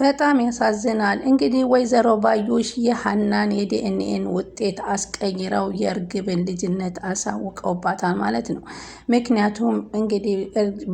በጣም ያሳዝናል። እንግዲህ ወይዘሮ ባዩሽ የሀናን የዲኤንኤን ውጤት አስቀይረው የእርግብን ልጅነት አሳውቀውባታል ማለት ነው። ምክንያቱም እንግዲህ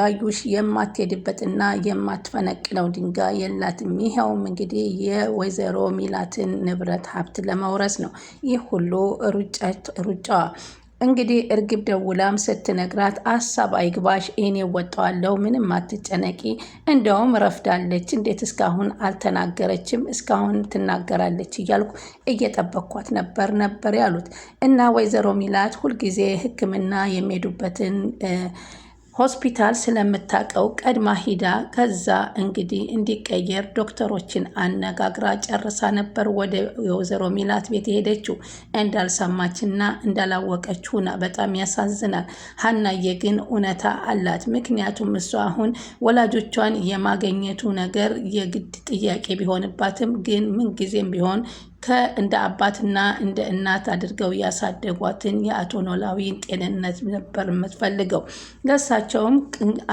ባዩሽ የማትሄድበትና የማትፈነቅለው ድንጋይ የላትም። ይኸውም እንግዲህ የወይዘሮ ሚላትን ንብረት ሀብት ለመውረስ ነው ይህ ሁሉ ሩጫዋ። እንግዲህ እርግብ ደውላም ስትነግራት አሳብ አይግባሽ፣ እኔ ወጣዋለሁ፣ ምንም አትጨነቂ። እንደውም ረፍዳለች፣ እንዴት እስካሁን አልተናገረችም? እስካሁን ትናገራለች እያልኩ እየጠበኳት ነበር ነበር ያሉት እና ወይዘሮ ሚላት ሁልጊዜ ሕክምና የሚሄዱበትን ሆስፒታል ስለምታውቀው ቀድማ ሂዳ ከዛ እንግዲህ እንዲቀየር ዶክተሮችን አነጋግራ ጨርሳ ነበር ወደ የወይዘሮ ሚላት ቤት የሄደችው እንዳልሰማችና እንዳላወቀች በጣም ያሳዝናል። ሀናዬ ግን እውነታ አላት። ምክንያቱም እሱ አሁን ወላጆቿን የማገኘቱ ነገር የግድ ጥያቄ ቢሆንባትም ግን ምንጊዜም ቢሆን ከእንደ አባትና እንደ እናት አድርገው ያሳደጓትን የአቶ ኖላዊን ጤንነት ነበር የምትፈልገው። ለእሳቸውም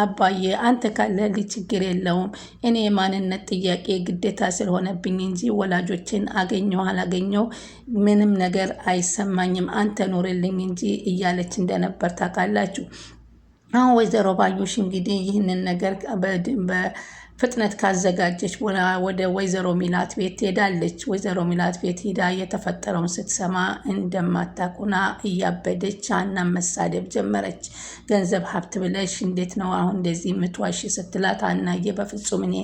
አባዬ አንተ ካለ ችግር የለውም እኔ የማንነት ጥያቄ ግዴታ ስለሆነብኝ እንጂ ወላጆችን አገኘሁ አላገኘው ምንም ነገር አይሰማኝም፣ አንተ ኖርልኝ እንጂ እያለች እንደነበር ታውቃላችሁ። አሁን ወይዘሮ ባዩሽ እንግዲህ ይህንን ነገር ፍጥነት ካዘጋጀች በኋላ ወደ ወይዘሮ ሚላት ቤት ትሄዳለች። ወይዘሮ ሚላት ቤት ሂዳ የተፈጠረውን ስትሰማ እንደማታቁና እያበደች ሀናን መሳደብ ጀመረች። ገንዘብ ሀብት ብለሽ እንዴት ነው አሁን እንደዚህ የምትዋሽ ስትላት ሀናዬ በፍጹም እኔ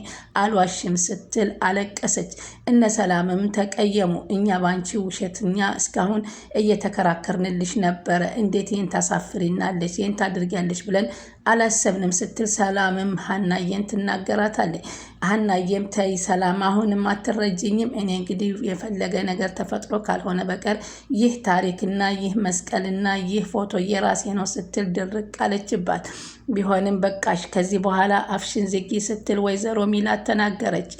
አልዋሽም ስትል አለቀሰች። እነ ሰላምም ተቀየሙ። እኛ በአንቺ ውሸትኛ እስካሁን እየተከራከርንልሽ ነበረ፣ እንዴት ይህን ታሳፍሪናለች፣ ይህን ታድርጊያለች ብለን አላሰብንም ስትል ሰላምም ሀናዬን ትናገራታል ትላታለች። ሀናዬም ተይ ሰላም፣ አሁንም አትረጅኝም። እኔ እንግዲህ የፈለገ ነገር ተፈጥሮ ካልሆነ በቀር ይህ ታሪክና ይህ መስቀልና ይህ ፎቶ የራሴ ነው ስትል ድርቅ አለችባት። ቢሆንም በቃሽ፣ ከዚህ በኋላ አፍሽን ዝጊ ስትል ወይዘሮ ሚላት ተናገረች።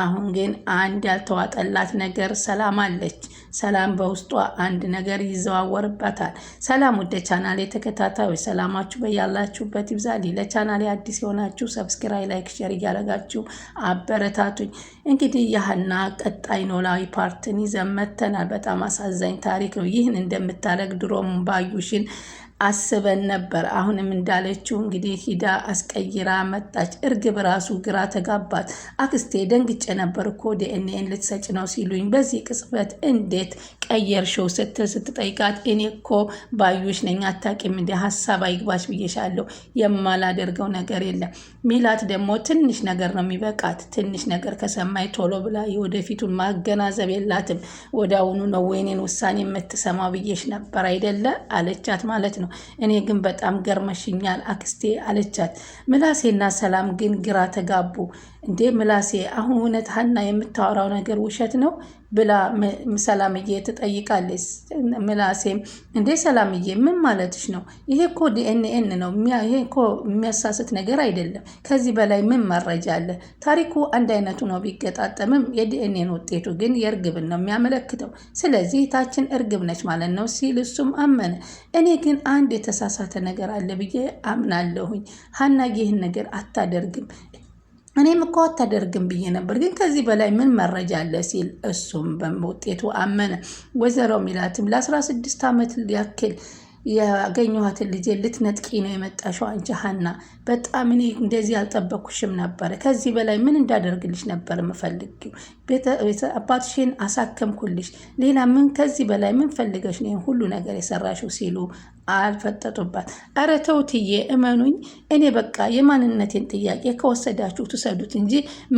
አሁን ግን አንድ ያልተዋጠላት ነገር ሰላም አለች። ሰላም በውስጧ አንድ ነገር ይዘዋወርባታል። ሰላም ወደ ቻናሌ ተከታታዮች ሰላማችሁ በያላችሁበት ይብዛል። ለቻናሌ አዲስ የሆናችሁ ሰብስክራይ፣ ላይክ፣ ሸር እያደረጋችሁ አበረታቱኝ። እንግዲህ ያህና ቀጣይ ኖላዊ ፓርትን ይዘመተናል። በጣም አሳዛኝ ታሪክ ነው። ይህን እንደምታደረግ ድሮም ባዩሽን አስበን ነበር። አሁንም እንዳለችው እንግዲህ ሂዳ አስቀይራ መጣች። እርግብ ራሱ ግራ ተጋባት። አክስቴ ደንግጬ ነበር እኮ ዲኤንኤን ልትሰጭ ነው ሲሉኝ በዚህ ቅጽበት እንዴት ቀየርሽው ስትል ስትጠይቃት እኔ እኮ ባዩሽ ነኝ አታውቂም እንደ ሀሳብ አይግባሽ ብዬሻለሁ። የማላደርገው ነገር የለም። ሚላት ደግሞ ትንሽ ነገር ነው የሚበቃት። ትንሽ ነገር ከሰማይ ቶሎ ብላ የወደፊቱን ማገናዘብ የላትም። ወደ አሁኑ ነው ወይኔን ውሳኔ የምትሰማው ብዬሽ ነበር አይደለ አለቻት ማለት ነው። እኔ ግን በጣም ገርመሽኛል አክስቴ አለቻት። ምላሴና ሰላም ግን ግራ ተጋቡ። እንዴ ምላሴ፣ አሁን እውነት ሀና የምታወራው ነገር ውሸት ነው ብላ ሰላምዬ ትጠይቃለች። ምላሴም እንዴ ሰላምዬ ምን ማለትሽ ነው? ይሄ እኮ ዲኤንኤን ነው። ይሄ እኮ የሚያሳስት ነገር አይደለም። ከዚህ በላይ ምን መረጃ አለ? ታሪኩ አንድ አይነቱ ነው ቢገጣጠምም፣ የዲኤንኤን ውጤቱ ግን የእርግብን ነው የሚያመለክተው። ስለዚህ ታችን እርግብ ነች ማለት ነው ሲል እሱም አመነ። እኔ ግን አንድ የተሳሳተ ነገር አለ ብዬ አምናለሁኝ። ሀና ይህን ነገር አታደርግም። እኔም እኮ አታደርግም ብዬ ነበር፣ ግን ከዚህ በላይ ምን መረጃ አለ ሲል እሱም በውጤቱ አመነ። ወይዘሮ ሚላትም ለ16 ዓመት ያክል ያገኘኋትን ልጄ ልትነጥቂ ነው የመጣሽው አንቺ ሀና፣ በጣም እኔ እንደዚህ አልጠበኩሽም ነበረ። ከዚህ በላይ ምን እንዳደርግልሽ ነበር የምፈልጊው? አባትሽን አሳከምኩልሽ፣ ሌላ ምን ከዚህ በላይ ምን ፈልገሽ ነው ሁሉ ነገር የሰራሽው? ሲሉ አልፈጠጡባት። አረ ተውትዬ እመኑኝ፣ እኔ በቃ የማንነቴን ጥያቄ ከወሰዳችሁ ትሰዱት እንጂ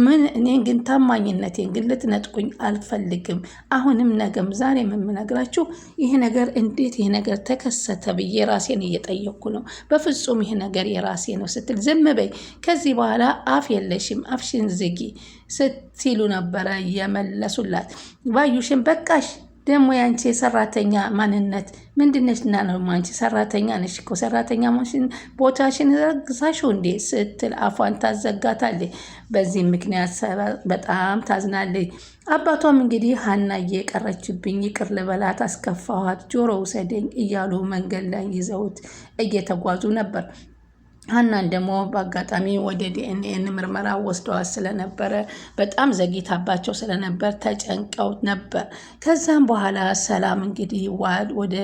ምን እኔን ግን ታማኝነቴን ግን ልትነጥቁኝ አልፈልግም። አሁንም ነገም ዛሬ የምነግራችሁ ይህ ነገር እንዴት ይህ ነገር ተከሰተ ብዬ ራሴን እየጠየኩ ነው። በፍጹም ይህ ነገር የራሴ ነው ስትል ዝም በይ፣ ከዚህ በኋላ አፍ የለሽም፣ አፍሽን ዝጊ ስትሉ ነበረ የመለሱላት ባዩሽን በቃሽ ደግሞ ያንቺ የሰራተኛ ማንነት ምንድነችና ነው? አንቺ ሰራተኛ ነሽ እኮ ሰራተኛ ማሽን ቦታሽን ረግሳሽው እንዴ ስትል አፏን ታዘጋታለች። በዚህ ምክንያት በጣም ታዝናለች። አባቷም እንግዲህ ሀና እየቀረችብኝ ይቅር ልበላት፣ አስከፋኋት፣ ጆሮ ውሰደኝ እያሉ መንገድ ላይ ይዘውት እየተጓዙ ነበር። ሀናን ደግሞ በአጋጣሚ ወደ ዲኤንኤን ምርመራ ወስደዋት ስለነበረ በጣም ዘግይታባቸው ስለነበር ተጨንቀው ነበር። ከዛም በኋላ ሰላም እንግዲህ ዋል ወደ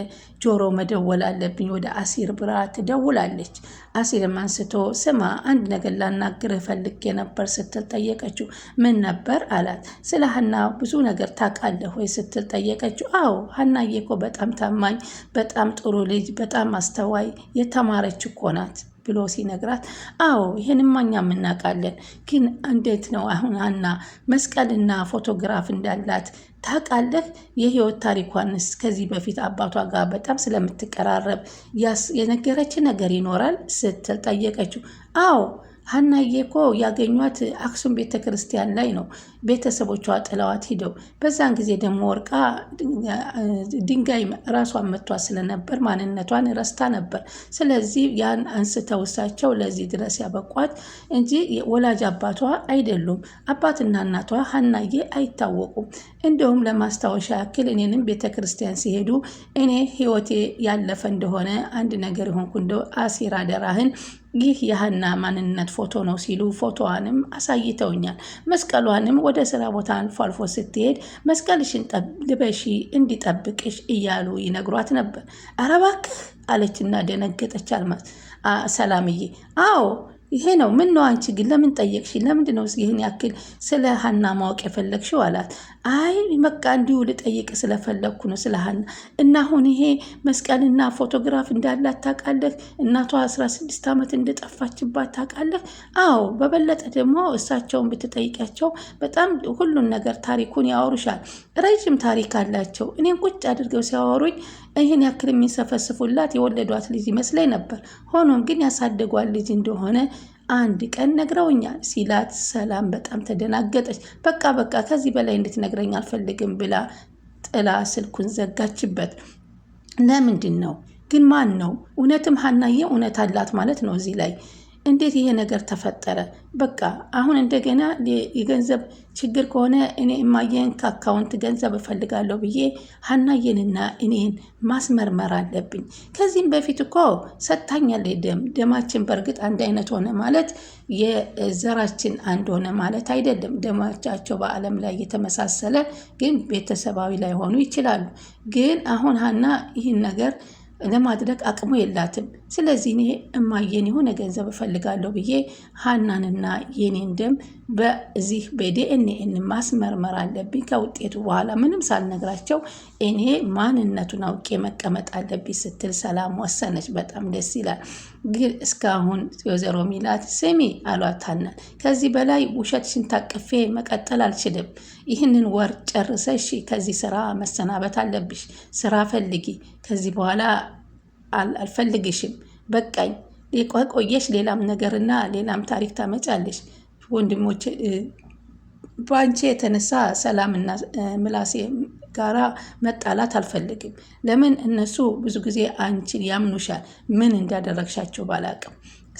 ጆሮ መደወል አለብኝ ወደ አሲር ብራ ትደውላለች። አሲርም አንስቶ ስማ አንድ ነገር ላናግርህ ፈልጌ ነበር ስትል ጠየቀችው። ምን ነበር አላት። ስለ ሀና ብዙ ነገር ታውቃለህ ወይ ስትል ጠየቀችው። አዎ ሀናዬ እኮ በጣም ታማኝ፣ በጣም ጥሩ ልጅ፣ በጣም አስተዋይ የተማረች እኮ ናት ብሎ ሲነግራት፣ አዎ ይህንማ እኛም እናውቃለን፣ ግን እንዴት ነው አሁን ሀና መስቀልና ፎቶግራፍ እንዳላት ታውቃለህ? የህይወት ታሪኳንስ ከዚህ በፊት አባቷ ጋር በጣም ስለምትቀራረብ የነገረች ነገር ይኖራል ስትል ጠየቀችው። አዎ ሀናዬ እኮ ያገኟት አክሱም ቤተ ክርስቲያን ላይ ነው ቤተሰቦቿ ጥለዋት ሂደው በዛን ጊዜ ደግሞ ወርቃ ድንጋይ ራሷን መቷ ስለነበር ማንነቷን ረስታ ነበር። ስለዚህ ያን አንስተው እሳቸው ለዚህ ድረስ ያበቋት እንጂ ወላጅ አባቷ አይደሉም። አባትና እናቷ ሀናዬ አይታወቁም። እንደውም ለማስታወሻ ያክል እኔንም ቤተ ክርስቲያን ሲሄዱ እኔ ህይወቴ ያለፈ እንደሆነ አንድ ነገር የሆንኩ እንደው አሲር አደራህን ይህ የሀና ማንነት ፎቶ ነው ሲሉ ፎቶዋንም አሳይተውኛል መስቀሏንም ወደ ስራ ቦታ አልፎ አልፎ ስትሄድ መስቀልሽን ልበሺ እንዲጠብቅሽ እያሉ ይነግሯት ነበር። አረባክህ አለችና ደነገጠች አልማዝ ሰላምዬ። አዎ ይሄ ነው። ምን ነው አንቺ ግን ለምን ጠየቅሽ? ለምንድን ነው ይህን ያክል ስለ ሀና ማወቅ የፈለግሽው አላት። አይ በቃ እንዲሁ ልጠይቅ ስለፈለግኩ ነው ስለ ሀና። እና አሁን ይሄ መስቀልና ፎቶግራፍ እንዳላት ታውቃለህ? እናቷ 16 ዓመት እንደጠፋችባት ታውቃለህ? አዎ። በበለጠ ደግሞ እሳቸውን ብትጠይቂያቸው በጣም ሁሉን ነገር ታሪኩን ያወሩሻል። ረዥም ታሪክ አላቸው። እኔን ቁጭ አድርገው ሲያወሩኝ ይህን ያክል የሚንሰፈስፉላት የወለዷት ልጅ ይመስለኝ ነበር። ሆኖም ግን ያሳደጓት ልጅ እንደሆነ አንድ ቀን ነግረውኛል ሲላት ሰላም በጣም ተደናገጠች። በቃ በቃ ከዚህ በላይ እንድትነግረኝ አልፈልግም ብላ ጥላ ስልኩን ዘጋችበት። ለምንድን ነው ግን ማን ነው እውነትም ሀናዬ እውነት አላት ማለት ነው እዚህ ላይ እንዴት ይሄ ነገር ተፈጠረ? በቃ አሁን እንደገና የገንዘብ ችግር ከሆነ እኔ እማየን ከአካውንት ገንዘብ እፈልጋለሁ ብዬ ሀናየንና እኔን ማስመርመር አለብኝ። ከዚህም በፊት እኮ ሰታኛለ ደም ደማችን በእርግጥ አንድ አይነት ሆነ ማለት የዘራችን አንድ ሆነ ማለት አይደለም። ደማቻቸው በዓለም ላይ የተመሳሰለ ግን ቤተሰባዊ ላይሆኑ ይችላሉ። ግን አሁን ሀና ይህን ነገር ለማድረግ አቅሙ የላትም። ስለዚህ እኔ እማየን የሆነ ገንዘብ እፈልጋለሁ ብዬ ሀናንና የኔን ደም በዚህ በዲኤንኤን ማስመርመር አለብኝ። ከውጤቱ በኋላ ምንም ሳልነግራቸው እኔ ማንነቱን አውቄ መቀመጥ አለብኝ ስትል ሰላም ወሰነች። በጣም ደስ ይላል። ግን እስካሁን ወይዘሮ ሚላት ስሚ አሏት ሀናን፣ ከዚህ በላይ ውሸትሽን ታቅፌ መቀጠል አልችልም። ይህንን ወር ጨርሰሽ ከዚህ ስራ መሰናበት አለብሽ። ስራ ፈልጊ። ከዚህ በኋላ አልፈልግሽም፣ በቃኝ። ቆየሽ ሌላም ነገርና ሌላም ታሪክ ታመጫለሽ። ወንድሞች በአንቺ የተነሳ ሰላምና ምላሴ ጋራ መጣላት አልፈልግም። ለምን እነሱ ብዙ ጊዜ አንቺን ያምኑሻል፣ ምን እንዳደረግሻቸው ባላቅም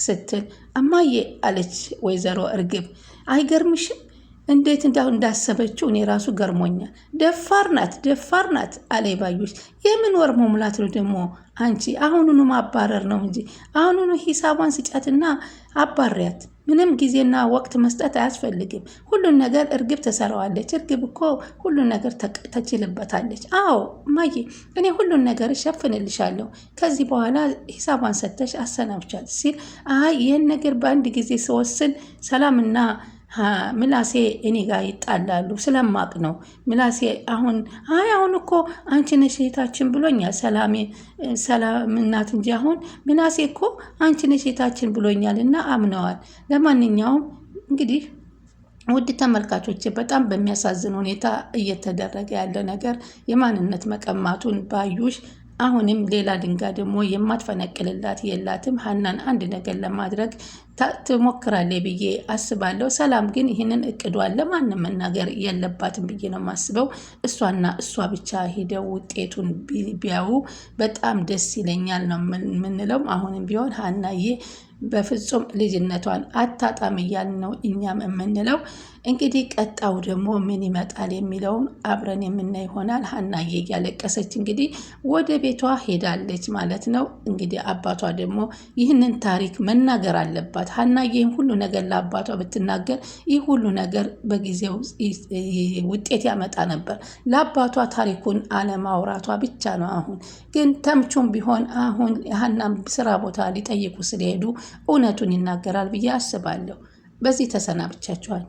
ስትል እማዬ አለች ወይዘሮ እርግብ አይገርምሽም እንዴት እንዳሁን እንዳሰበችው እኔ ራሱ ገርሞኛል። ደፋር ናት ደፋር ናት አለይ ባዩሽ። የምን ወር መሙላት ነው ደግሞ አንቺ? አሁኑኑ ማባረር ነው እንጂ አሁኑኑ ሂሳቧን ስጫትና አባሪያት። ምንም ጊዜና ወቅት መስጠት አያስፈልግም። ሁሉን ነገር እርግብ ተሰራዋለች። እርግብ እኮ ሁሉን ነገር ተችልበታለች። አዎ ማዬ፣ እኔ ሁሉን ነገር እሸፍንልሻለሁ። ከዚህ በኋላ ሂሳቧን ሰተሽ አሰናብቻት ሲል አይ ይህን ነገር በአንድ ጊዜ ስወስን ሰላምና ምላሴ እኔ ጋር ይጣላሉ ስለማቅ ነው። ምላሴ አሁን አይ አሁን እኮ አንቺ ነሽ እህታችን ብሎኛል ሰላሜ ሰላም እናት እንጂ አሁን ምላሴ እኮ አንቺ ነሽ እህታችን ብሎኛል እና አምነዋል። ለማንኛውም እንግዲህ ውድ ተመልካቾች በጣም በሚያሳዝን ሁኔታ እየተደረገ ያለ ነገር የማንነት መቀማቱን ባዩሽ አሁንም ሌላ ድንጋይ ደግሞ የማትፈነቅልላት የላትም። ሀናን አንድ ነገር ለማድረግ ትሞክራለች ብዬ አስባለሁ። ሰላም ግን ይህንን እቅዷን ለማንም መናገር የለባትም ብዬ ነው የማስበው። እሷና እሷ ብቻ ሂደው ውጤቱን ቢያዩ በጣም ደስ ይለኛል ነው የምንለው። አሁንም ቢሆን ሀናዬ በፍጹም ልጅነቷን አታጣም እያልን ነው እኛም የምንለው። እንግዲህ ቀጣው ደግሞ ምን ይመጣል የሚለውን አብረን የምናይ ይሆናል። ሀናዬ እያለቀሰች እንግዲህ ወደ ቤቷ ሄዳለች ማለት ነው። እንግዲህ አባቷ ደግሞ ይህንን ታሪክ መናገር አለባት አለባት። ሀናዬ ሁሉ ነገር ለአባቷ ብትናገር ይህ ሁሉ ነገር በጊዜው ውጤት ያመጣ ነበር። ለአባቷ ታሪኩን አለማውራቷ ብቻ ነው። አሁን ግን ተምቹም ቢሆን አሁን ሀናም ስራ ቦታ ሊጠይቁ ስለሄዱ እውነቱን ይናገራል ብዬ አስባለሁ። በዚህ ተሰናብቻችኋል።